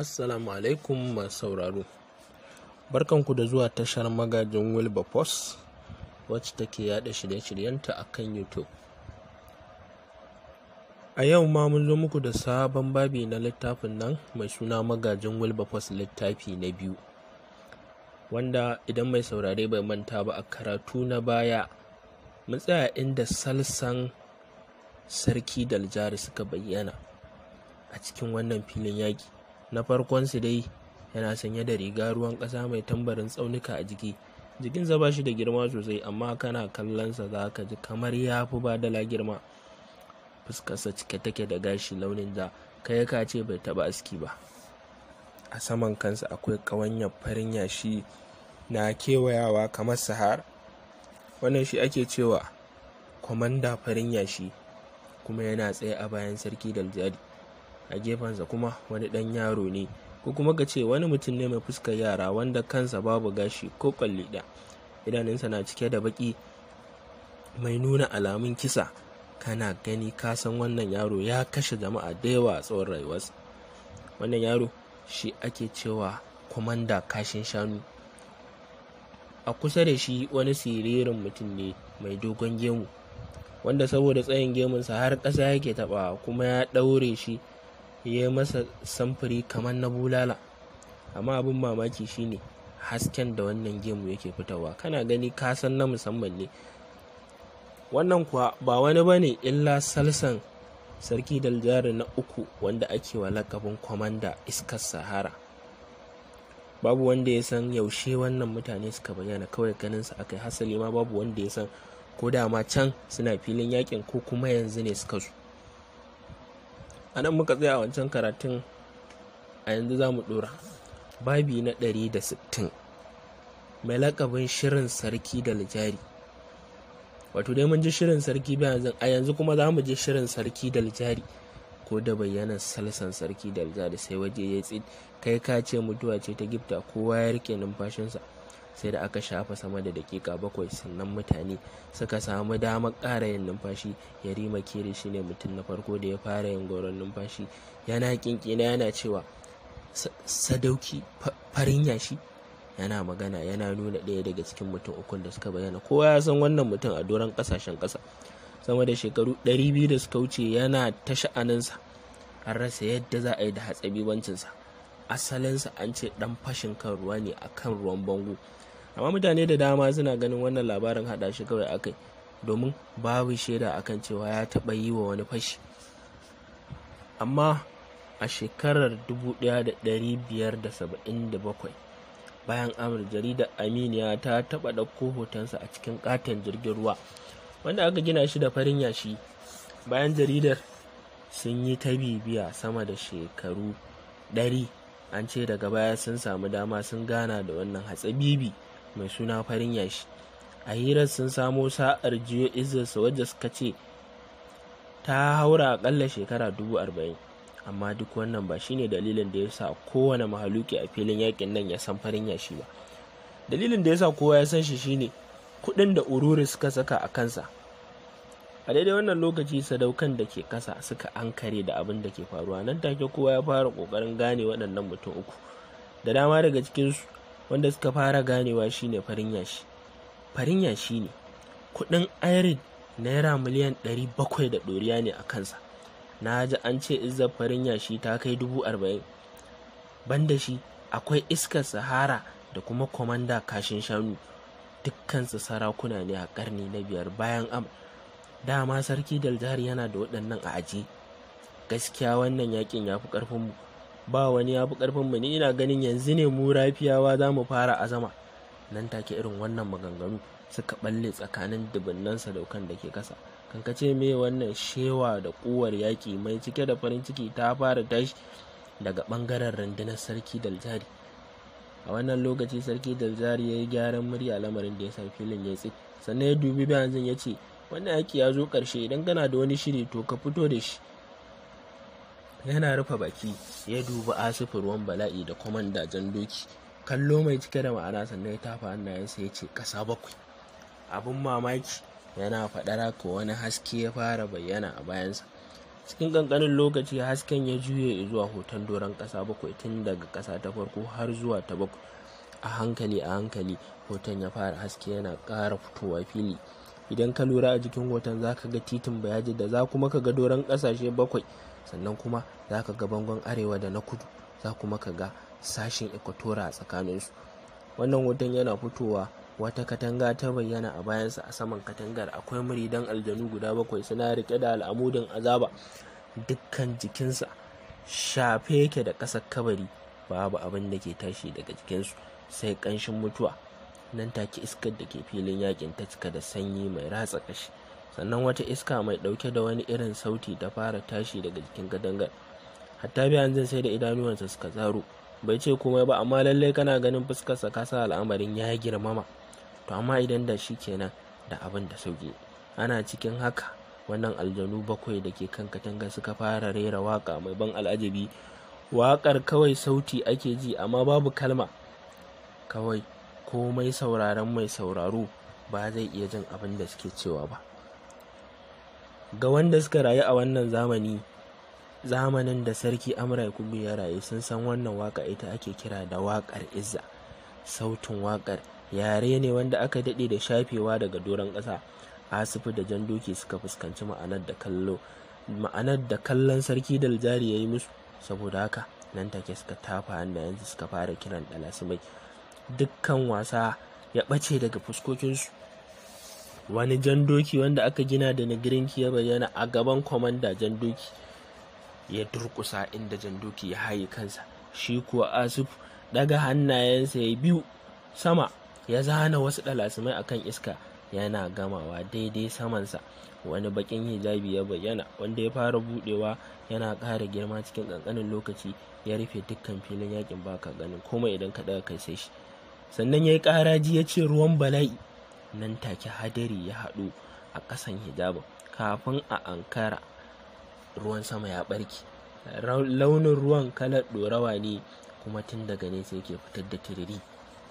Assalamu alaikum masu sauraro. Barkanku da zuwa tashar magajin Wilberforce wacce take yada shirye-shiryenta a kan YouTube. A yau ma mun zo muku da sabon babi na littafin nan mai suna magajin Wilberforce littafi na biyu. Wanda idan mai saurare bai manta ba a karatu na baya mu tsaya inda salsan sarki daljari suka bayyana a cikin wannan filin yaki. na farkon su dai yana sanye da riga ruwan ƙasa mai tambarin tsaunuka a jiki jikinsa ba shi da girma sosai amma kana kallonsa za ka ji kamar ya fi ba girma fuskarsa cike take da gashi launin da kai ka ce bai taba aski ba a saman kansa akwai ƙawanyar farin yashi na kewayawa kamar sahara wannan shi ake cewa kwamanda farin yashi kuma yana tsaye a bayan sarki daljari a gefensa kuma wani ɗan yaro ne ko kuma ka ce wani mutum ne mai fuskar yara wanda kansa babu gashi ko kwalli ɗaya idanunsa na cike da baki mai nuna alamun kisa kana gani ka san wannan yaro ya kashe jama'a da yawa a tsawon rayuwarsa wannan yaro shi ake cewa kwamanda kashin shanu a kusa da shi wani siririn mutum ne mai dogon gemu wanda saboda tsayin gemunsa har ƙasa yake taɓa kuma ya ɗaure shi ya masa samfuri kamar na bulala amma abin mamaki shine hasken da wannan gemu yake fitowa. kana gani kasan na musamman ne wannan kuwa ba wani bane illa salsan sarki daljari na uku wanda ake wa lakabin kwamanda iskar sahara babu wanda ya san yaushe wannan mutane suka bayyana kawai ganin su aka hasali ma babu wanda ya san ko da ma can suna filin yakin ko kuma yanzu ne suka su a nan muka tsaya wancan karatun a yanzu za mu ɗora babi na 160 mai lakabin shirin sarki da lijari wato dai mun ji shirin sarki bayan yanzu a yanzu kuma za mu ji shirin sarki da lijari ko da bayyana salsan sarki da lijari sai waje ya tsid kai ka ce mutuwa ce ta gifta kowa ya rike numfashinsa sai da aka shafa sama da dakika bakwai sannan mutane suka samu damar ƙara yin numfashi yarima kere ne mutum na farko da ya fara yin goron numfashi yana kinkina yana cewa sadauki farin yashi yana magana yana nuna ɗaya daga cikin mutum ukun da suka bayyana kowa ya san wannan mutum a doron ƙasashen ƙasa sama da shekaru 200 da suka wuce yana ta sha'aninsa an rasa yadda za a yi da hatsabibancinsa asalinsa an ce dan fashin kan ruwa ne a kan ruwan bango amma mutane da dama suna ganin wannan labarin haɗa shi kawai akai domin babu shaida akan cewa ya taba yi wa wani fashi amma a shekarar 1577 bayan amur jaridar aminiya ta taɓa ɗauko hotonsa a cikin katon jirgin ruwa wanda aka gina shi da farin yashi bayan jaridar sun yi ta bibiya sama da shekaru ɗari an ce daga baya sun samu dama sun gana da wannan bibi mai suna farin yashi a hirar sun samo sa'ar jiyo izinsa wadda suka ce ta haura akalla shekara dubu arba'in amma duk wannan ba shine dalilin da ya sa kowane mahaluki a filin yakin nan ya san farin yashi ba dalilin da ya sa kowa ya san shi shine kuɗin da ururi suka saka a kansa a daidai wannan lokaci sadaukan da ke kasa suka ankare da abin da ke faruwa nan take kowa ya fara kokarin gane waɗannan mutum uku da dama daga cikin su wanda suka fara ganewa shine farin yashi farin yashi ne kuɗin irin naira miliyan 700 da doriya ne a kansa na ji an ce izzar farin yashi ta kai dubu arba'in banda shi akwai iskar sahara da kuma kwamanda kashin shanu dukkansu sarakuna ne a karni na biyar bayan am dama sarki daljihar yana da waɗannan a aji gaskiya wannan yakin ya fi ƙarfinmu ba wani ya fi ƙarfinmu mu ni ina ganin yanzu ne mu rafiyawa za mu fara azama nan take irin wannan maganganu suka balle tsakanin dubunnan sadaukan da ke kasa kankace me wannan shewa da kuwar yaƙi mai cike da farin ciki ta fara tashi daga ɓangaren rundunar sarki daljari a wannan lokaci sarki daljari ya yi gyaran murya lamarin da ya filin ya tsi sannan ya dubi zan ya ce wannan aiki ya zo ƙarshe idan kana da wani shiri to ka fito da shi yana rufe baki ya duba asifi ruwan bala'i da kwamanda jan doki kallo mai cike da ma'ana sannan ya tafa hannayensa ya ce ƙasa bakwai abin mamaki yana faɗara ko wani haske ya fara bayyana a bayansa cikin ƙanƙanin lokaci hasken ya juye zuwa hoton doron ƙasa bakwai tun daga ƙasa ta farko har zuwa ta bakwai a hankali a hankali hoton ya fara haske yana ƙara fitowa fili idan ka lura a jikin hoton za ka ga titin bayaji da za kuma ka ga doron ƙasashe bakwai sannan kuma za ka ga bangon arewa da na kudu za kuma ka ga sashen ekwatora a tsakaninsu wannan hoton yana fitowa wata katanga ta bayyana a bayansa a saman katangar akwai muridan aljanu guda bakwai suna rike da al'amudin azaba dukkan jikinsa shafe yake da ƙasar kabari babu abin da ke tashi daga jikinsu sai ƙanshin mutuwa nan take iskar da ke filin yakin ta cika da sanyi mai ratsa kashi sannan wata iska mai ɗauke da wani irin sauti ta fara tashi daga jikin kadangar hatta biyan zai sai da idanuwansa suka zaro bai ce komai ba amma lallai kana ganin fuskarsa sa al'amarin ya girmama to amma idan da shi kenan da abin da sauki ana cikin haka wannan aljanu bakwai da ke kan katanga suka fara rera waka mai ban al'ajabi waƙar kawai sauti ake ji amma babu kalma kawai komai sauraron mai sauraro ba zai iya jin abin da suke cewa ba ga wanda suka rayu a wannan zamani zamanin da sarki amra kubu ya rayu sun san wannan waka ita ake kira da wakar izza sautin wakar yare ne wanda aka daɗe da shafewa daga doron ƙasa asifi da jan doki suka fuskanci ma'anar da kallo ma'anar da kallon sarki daljari ya yi musu saboda haka nan take suka tafa su suka fara kiran mai. dukkan wasa ya ɓace daga fuskokinsu wani jan doki wanda aka gina da nigirinki ya bayyana a gaban kwamanda jan doki ya durkusa inda jan doki ya haye kansa shi kuwa asif daga hannayensa ya biyu sama ya zana wasu dalasimai akan iska yana gamawa daidai samansa wani bakin hijabi ya bayyana wanda ya fara budewa yana ƙara girma cikin ƙanƙanin lokaci ya rufe dukkan filin yakin baka ganin kuma idan ka daga kai sai shi sannan ya yi ƙaraji ya ce ruwan bala'i nan take hadari ya haɗu a ƙasan hijabin kafin a ankara ruwan sama ya ɓarke launin ruwan kalar ɗorawa ne kuma tun daga ne sai ke fitar da tiriri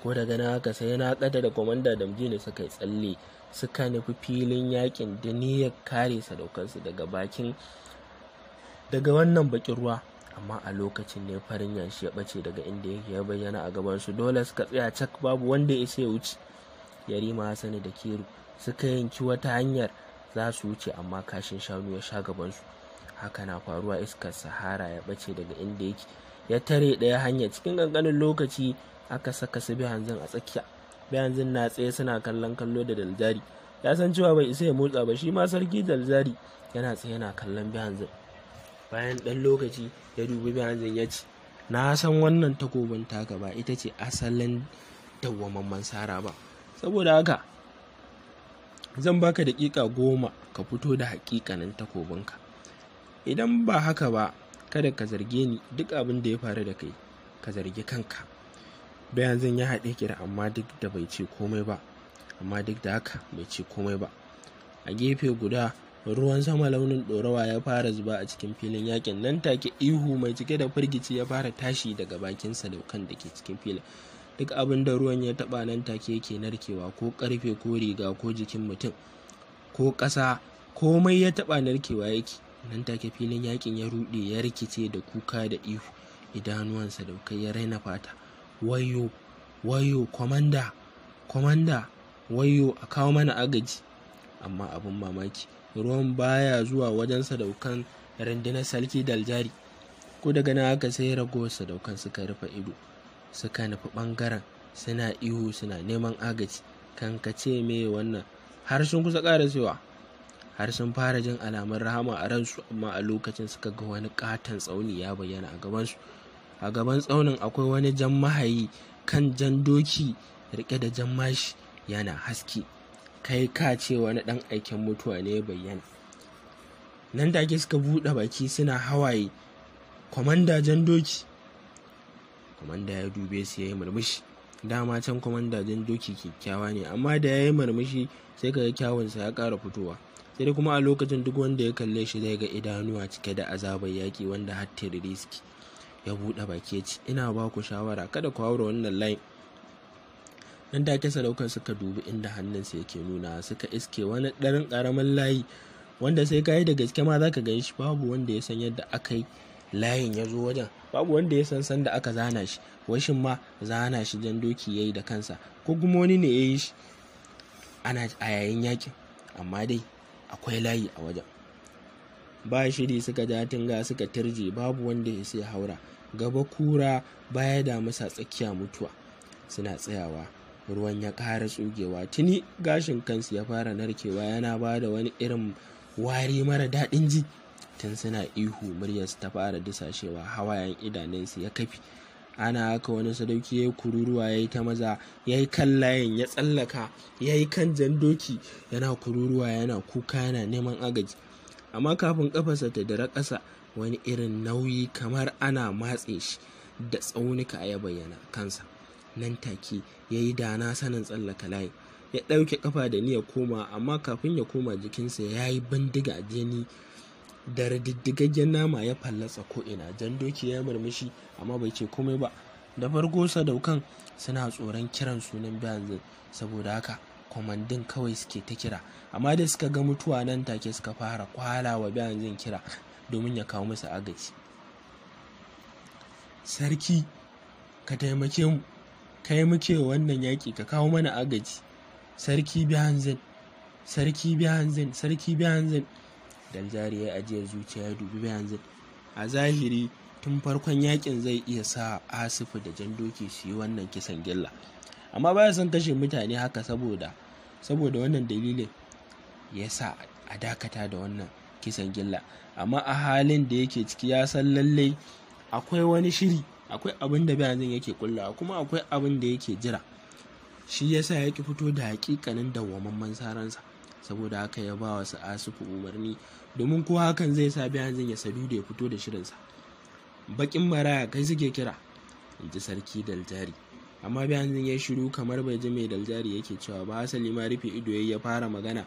ko daga na haka sai na kada da kwamanda damjini suka yi tsalle suka nufi filin yakin da ya kare sadaukarsu daga bakin daga wannan bakin ruwa amma a lokacin ne farin yashi ya bace daga inda yake ya bayyana a gaban su, dole suka tsaya cak babu wanda ya sai wuce yarima sani da kiru suka yanki wata hanyar za su wuce amma kashin shanu ya sha gabansu haka na faruwa iskar sahara ya bace daga inda yake ya tare ɗaya hanya cikin ƙanƙanin lokaci aka saka su bihanzin a tsakiya bihanzin na tsaye suna kallon kallo da dalzari ya san cewa bai isa ya motsa ba shi ma sarki dalzari yana tsaye yana kallon bihanzin bayan ɗan lokaci ya dubi Birazin ya ce na san wannan takobin taka ba ita ce asalin dawwaman mansara ba saboda haka zan baka daƙiƙa goma ka fito da haƙiƙanin takobinka idan ba haka ba kada ka zarge ni duk abin da ya faru da kai ka zargi kanka bayan zan ya haɗe kira amma duk da bai ce komai ba amma duk da haka bai ce komai ba a gefe guda ruwan sama launin ɗorawa ya fara zuba a cikin filin yakin nan take ihu mai cike da firgici ya fara tashi daga bakin sadaukan da ke cikin filin duk abin da ruwan ya taɓa nan take yake narkewa ko ƙarfe ko riga ko jikin mutum ko ƙasa komai ya taba narkewa yake nan take filin yakin ya ruɗe ya rikice da kuka da ihu idanuwan sadaukai ya raina fata wayo wayo kwamanda kwamanda wayo a kawo mana agaji amma abin mamaki ruwan baya zuwa wajen sadaukan rundunar sarki daljari ko daga nan aka sai ragowar sadaukan suka rufe ido suka nufi ɓangaren suna ihu suna neman agaji Kan ka ce me wannan har sun kusa cewa har sun fara jin alamun rahama a ransu amma a lokacin suka ga wani katon tsauni ya bayyana a gabansu a gaban tsaunin akwai wani jan mahayi kan jan doki rike da jan mashi yana haske kai ka ce wani ɗan aikin mutuwa ne ya bayyana nan da ake suka buɗe baki suna hawaye kwamanda jan doki kwamanda ya dube su ya yi murmushi dama can kwamanda jan doki kyakkyawa ne amma da ya yi murmushi sai ka ga kyawunsa ya ƙara fitowa sai dai kuma a lokacin duk wanda ya kalle shi zai ga idanuwa cike da azabar yaƙi wanda har riski ya buɗe baki ya ce ina ba ku shawara kada ku haura wannan layin nan da ake sadaukar suka dubi inda hannunsa yake nuna suka iske wani ɗarin ƙaramin layi wanda sai ka yi da gaske ma zaka gan shi babu wanda ya san yadda aka yi layin ya zo wajen babu wanda ya san sanda aka zana shi washin ma zana shi jan doki ya yi da kansa ko kuma wani ne ya yi shi ana a yayin yakin amma dai akwai layi a wajen ba shiri suka ja tinga suka tirje babu wanda ya sai haura gaba kura baya da masa tsakiya mutuwa suna tsayawa ruwan ya ƙara tsugewa tuni gashin kansu ya fara narkewa yana ba da wani irin wari mara daɗin ji tun suna ihu murya su ta fara disashewa hawayen idanunsu ya kafi ana haka wani sadauki ya yi kururuwa ya yi ta maza ya yi kan layin ya tsallaka ya yi kan jan doki yana kururuwa yana kuka yana neman agaji amma kafin kafasa ta dara ƙasa wani irin nauyi kamar ana matse shi da tsaunuka ya bayyana kansa nan take ya yi dana sanin tsallaka layi ya ɗauke kafa da ni ya koma amma kafin ya koma jikinsa ya yi bindiga a jini da rididdigaggen nama ya fallatsa ina jan doki ya murmushi amma bai ce komai ba da farko sadaukan suna tsoron kiran sunan biyanzu saboda haka kwamandin kawai suke ta kira amma da suka ga mutuwa nan take suka fara kwala wa biyanzun kira domin ya kawo musu agaji sarki ka taimake mu kai muke wannan yaƙi ka kawo mana agaji sarki hanzin sarki hanzin sarki bihanzin dalzari ya ajiyar zuciya ya dubi hanzin a zahiri tun farkon yakin zai iya sa asifu da jan doki su yi wannan kisan gilla amma baya son kashe mutane haka saboda saboda wannan dalilin ya sa a dakata da wannan kisan gilla amma a halin da yake ciki ya san lallai akwai wani shiri akwai abin da bayanin yake kullawa kuma akwai abin da yake jira shi yasa yake fito da hakikanin dawwamamman saransa saboda haka ya ba wa asufu umarni domin ko hakan zai sa bayanin ya sadu da ya fito da shirinsa bakin maraya kai suke kira in ji sarki daljari amma bayanin ya shiru kamar bai ji mai daljari yake cewa ba asali ma rufe ido ya fara magana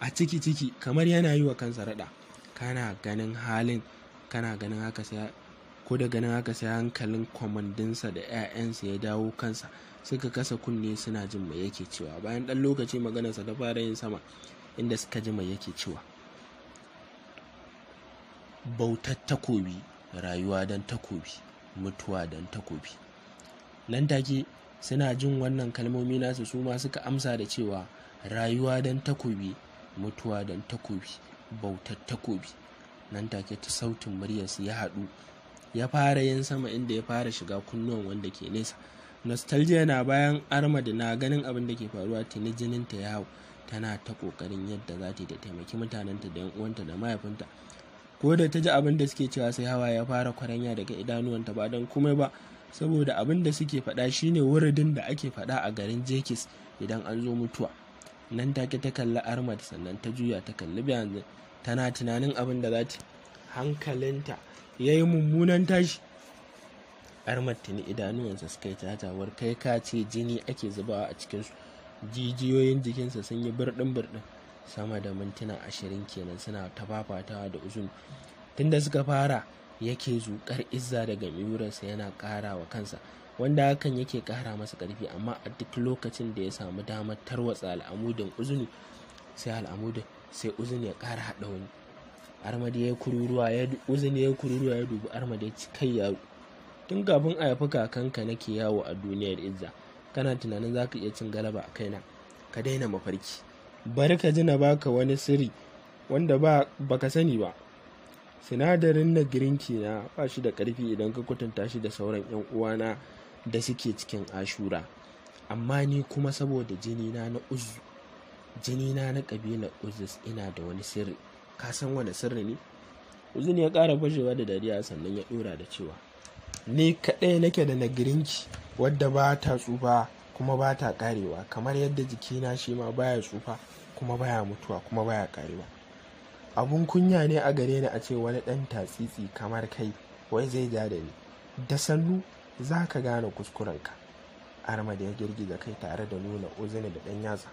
a ciki ciki kamar yana yi wa kansa rada kana ganin halin kana ganin haka sai ko da ganin aka sai hankalin kwamandinsa da 'ya'yansa ya dawo kansa suka kasa kunne suna jin mai yake cewa bayan ɗan lokaci maganarsa ta fara yin sama inda suka ji mai yake cewa bautar takobi rayuwa don takobi mutuwa don takobi nan take suna jin wannan kalmomi nasu su ma suka amsa da cewa rayuwa don takobi mutuwa don takobi bautar takobi nan take ta sautin muryarsu ya haɗu ya fara yin sama inda ya fara shiga kunnuwan wanda ke nesa nostalgia na bayan armad na ganin abin da ke faruwa tuni jinin ta yawo tana ta kokarin yadda za ta taimaki mutanenta da yan uwanta da mahaifinta ko da ta ji abin da suke cewa sai hawa ya fara kwaranya daga idanuwanta ba don komai ba saboda abin da suke faɗa shine wuridin da ake faɗa a garin jekis idan an zo mutuwa nan take ta kalli armad sannan ta juya ta kalli biyan tana tunanin abin da za ta hankalinta ya yi mummunan tashi har martini idanuwansa suka yi tatawar kai ka ce jini ake zubawa a cikinsu jijiyoyin jikinsa sun yi birɗin birɗin sama da mintuna ashirin kenan suna ta fafatawa da uzun tunda suka fara yake zuƙar izza daga miyurarsa yana ƙara wa kansa wanda hakan yake ƙara masa ƙarfi amma a duk lokacin da ya samu damar tarwatsa al'amudin uzuni sai al'amudin sai uzun ya ƙara haɗa wani armadi ya kururuwa ya uzini ya kururuwa ya dubi armadi ya ci kai yaro tun kafin a haifi kakanka nake yawo a duniyar izza kana tunanin zaka iya cin galaba a kaina ka daina mafarki bari ka ji na baka wani sirri wanda ba baka sani ba sinadarin na girinki na ba shi da karfi idan ka kwatanta shi da sauran yan uwana da suke cikin ashura amma ni kuma saboda jinina na uzu jinina na kabilar uzus ina da wani sirri ka san wani sirri ne uzun ya ƙara bajewa da dariya sannan ya ɗora da cewa ni kaɗai nake da nagirinki wadda ba ta tsufa kuma ba ta ƙarewa kamar yadda jikina shi ma baya tsufa kuma baya mutuwa kuma baya ƙarewa abun kunya ne a gare ni a ce wani ɗan tatsitsi kamar kai wai zai ja da ni da sannu za ka gane kuskurenka armada ya girgiza kai tare da nuna uzuni da ɗan yatsa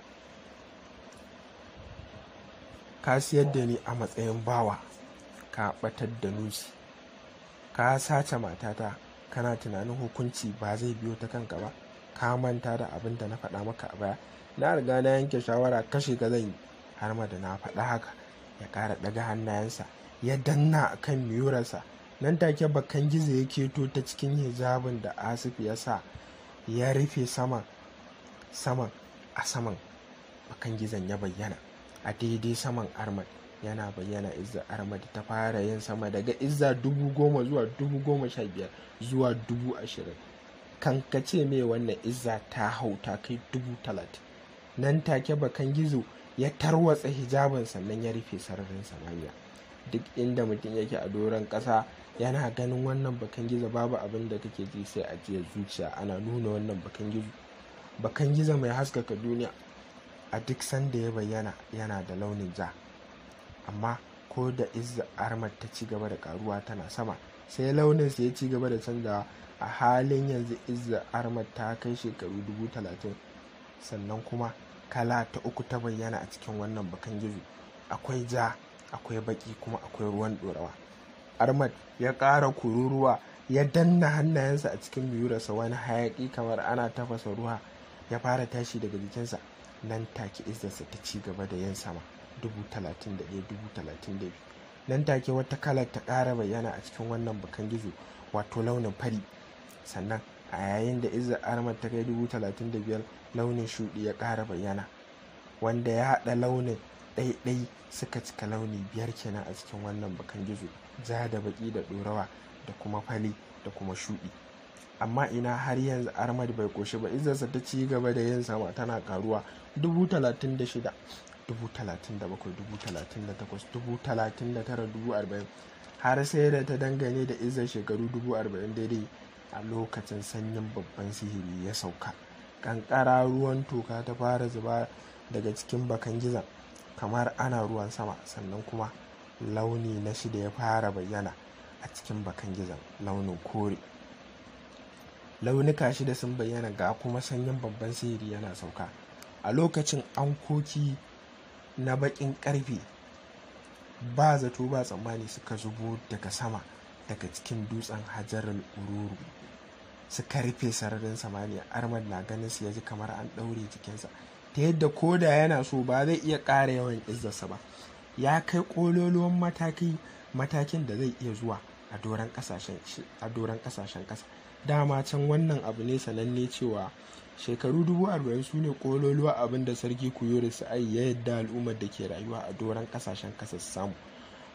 ka siyar da ni a matsayin bawa ka batar da nusi ka sace matata kana tunanin hukunci ba zai biyo ta kanka ba ka manta da abin da na faɗa maka a baya na riga na yanke shawara kashe ka zan yi har da na faɗa haka ya ƙara ɗaga hannayensa ya danna a kan miyurarsa nan take bakan gizo ya keto ta cikin hijabin da asif ya sa ya rufe sama saman a saman bakan gizon ya bayyana a daidai saman armad yana bayyana izza armad ta fara yin sama daga izza dubu goma zuwa dubu goma sha biyar zuwa dubu ashirin kankace mai wannan izza ta hau ta kai dubu talatin nan take bakan gizo ya tarwatsa hijabin sannan ya rufe sararin samaniya duk inda mutum yake a doron ƙasa yana ganin wannan bakan gizo babu abin da kake ji sai ajiyar zuciya ana nuna wannan bakan gizo bakan gizo mai haskaka duniya a duk sanda ya bayyana yana da launin ja amma ko da izza armar ta ci gaba da karuwa tana sama sai launin sa ya ci gaba da canzawa a halin yanzu izza armar ta kai shekaru dubu talatin sannan kuma kala ta uku ta bayyana a cikin wannan bakan gizo akwai ja akwai baki kuma akwai ruwan dorawa armad ya ƙara kururuwa ya danna hannayensa a cikin biyurarsa wani hayaƙi kamar ana tafasa ruwa ya fara tashi daga jikinsa nan take izzarsa ta ci gaba da yin sama dubu talatin da ɗaya dubu talatin da biyu nan take wata kalar ta ƙara bayyana a cikin wannan bakan gizo wato launin fari sannan a yayin da izzar armar ta kai dubu talatin da biyar launin shuɗi ya ƙara bayyana wanda ya haɗa launin ɗaiɗai suka cika launi biyar kenan a cikin wannan bakan gizo ja da baƙi da ɗorawa da kuma fali da kuma shuɗi amma ina har yanzu armad bai ƙoshi ba izarsa ta ci gaba da yin sama tana ƙaruwa dubu talatin da shida dubu talatin da bakwai dubu talatin da takwas dubu talatin da tara dubu arba'in har sai da ta dangane da izar shekaru dubu arba'in daidai a lokacin sanyin babban sihiri ya sauka kankara ruwan toka ta fara zuba daga cikin bakan gizon kamar ana ruwan sama sannan kuma launi na shida ya fara bayyana a cikin bakan gizon launin kore launuka shida sun bayyana ga kuma sanyin babban sihiri yana sauka a lokacin ankoki na baƙin ƙarfe ba zato ba tsammani suka zubo daga sama daga cikin dutsen hajaran ururu suka rufe sararin samaniya armad na ganin su ya ji kamar an ɗaure jikinsa ta yadda ko da yana so ba zai iya ƙara yawan izzarsa ba ya kai ƙololuwan matakin da zai iya zuwa a doron ƙasashen ƙasa dama can wannan abu ne sananne cewa shekaru dubu arba'in su ne kololuwa abin da sarki su ai ya yadda al'ummar da ke rayuwa a doron kasashen kasa samu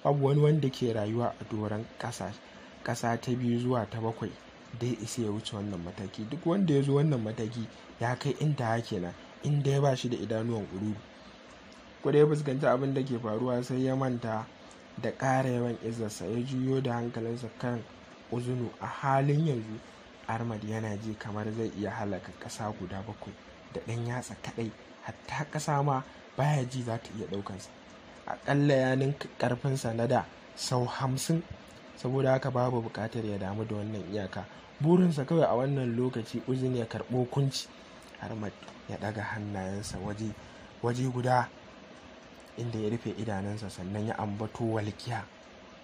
babu wani wanda ke rayuwa a doron kasa ta biyu zuwa ta bakwai dai isa ya wuce wannan mataki duk wanda ya zo wannan mataki ya kai inda hake na inda ya bashi da idanuwan ururu da ya fuskanci abin da ke faruwa sai ya manta da ƙara yawan izarsa ya juyo da hankalinsa kan uzunu a halin yanzu ahmad yana ji kamar zai iya halaka ƙasa guda bakwai da ɗan yatsa kaɗai hatta ƙasa ma baya ji za ta iya ɗaukansa aƙalla ya ninka ƙarfinsa na da sau hamsin saboda haka babu buƙatar ya damu da wannan iyaka burinsa kawai a wannan lokaci uzin ya karɓo kunci. harmad ya ɗaga hannayensa waje waje guda inda ya rufe idanunsa sannan ya ambato walkiya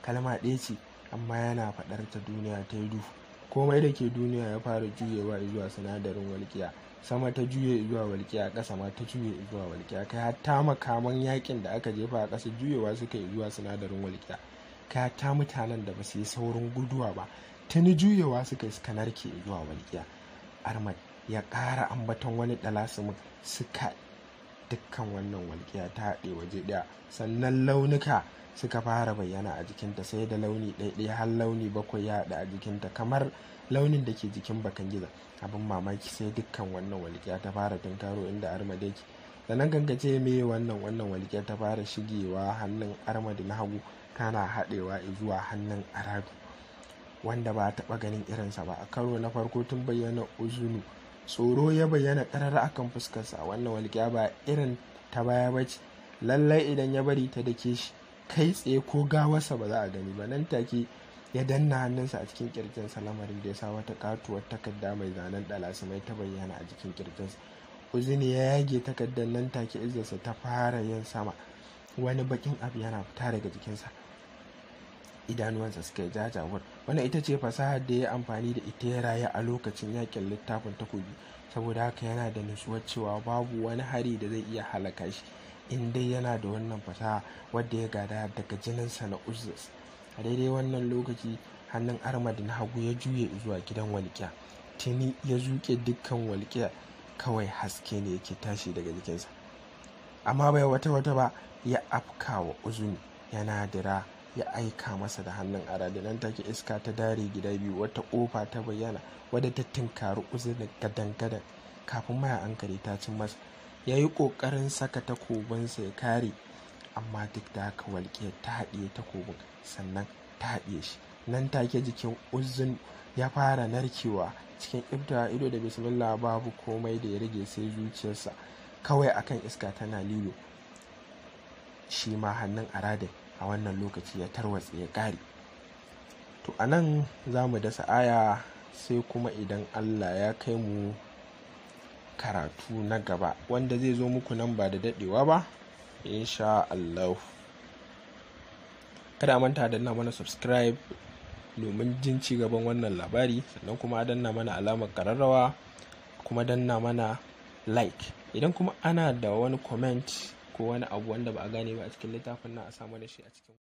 kalma ɗaya ce amma yana faɗar ta duniya ta yi duhu komai da ke duniya ya fara juyewa zuwa sinadarin walƙiya sama ta juye zuwa walƙiya ƙasa ma ta juye zuwa walƙiya kai hatta makaman yakin da aka jefa a ƙasa juyewa suka yi zuwa sinadarin walƙiya kai hatta mutanen da ba su yi saurin guduwa ba tuni juyewa suka yi suka narke zuwa walƙiya armad ya ƙara ambaton wani ɗalasimin suka dukkan wannan walƙiya ta haɗe waje ɗaya sannan launuka suka fara bayyana a jikinta sai da launi ɗaiɗaya har launi bakwai ya haɗu a jikinta kamar launin da ke jikin bakan giza abin mamaki sai dukkan wannan walƙiya ta fara tunkaro inda armada yake sannan gangace me wannan wannan walƙiya ta fara shigewa hannun armadi na hagu tana haɗewa zuwa hannun aradu wanda ba taɓa ganin irinsa ba a karo na farko tun bayyana uzunu tsoro ya bayyana ƙarar akan fuskarsa wannan walƙiya ba irin ta baya ba ce lallai idan ya bari ta dake shi kai tsaye ko gawarsa ba za a gani ba nan take ya danna hannunsa a cikin kirjinsa lamarin da ya sa wata katuwar takarda mai zanen mai ta bayyana a jikin kirjinsa uzini ya yage takardar nan take izinsa ta fara yin sama wani bakin abu yana fita daga jikinsa idanuwansa suka yi jajawar wannan ita ce fasahar da ya amfani da ita ya raya a lokacin yakin littafin takobi saboda haka yana da nutsuwar cewa babu wani hari da zai iya halaka shi in dai yana da wannan fata wadda ya gada daga jininsa na uzus a daidai wannan lokaci hannun armad na hagu ya juye zuwa gidan walƙiya tuni ya zuke dukkan walƙiya kawai haske ne yake tashi daga jikinsa amma bai wata wata ba ya afka wa uzuni yana dira ya aika masa da hannun arada nan take iska ta dare gida biyu wata kofa ta bayyana wadda ta tinkari uzurin gadan-gadan kafin maya an kare ta cin masa ya yi ƙoƙarin saka takobinsa ya kare amma duk da haka walƙiyar ta haɗiye takobin sannan ta haɗiye shi nan take jikin uzun ya fara narkewa cikin ibta ido da bismillah babu komai da ya rage sai zuciyarsa kawai akan iska tana lilo shi ma hannun aradin a wannan lokaci ya tarwatse ya kare. to anan za mu dasa aya sai kuma idan allah ya kai mu karatu na gaba wanda zai zo muku nan ba da daɗewa ba insha Allah kada manta danna mana subscribe domin jin ci gaban wannan labari sannan kuma danna mana alamar kararrawa kuma danna mana like idan kuma ana da wani comment ko wani abu wanda ba a gane ba a cikin littafin nan a sa mana shi a cikin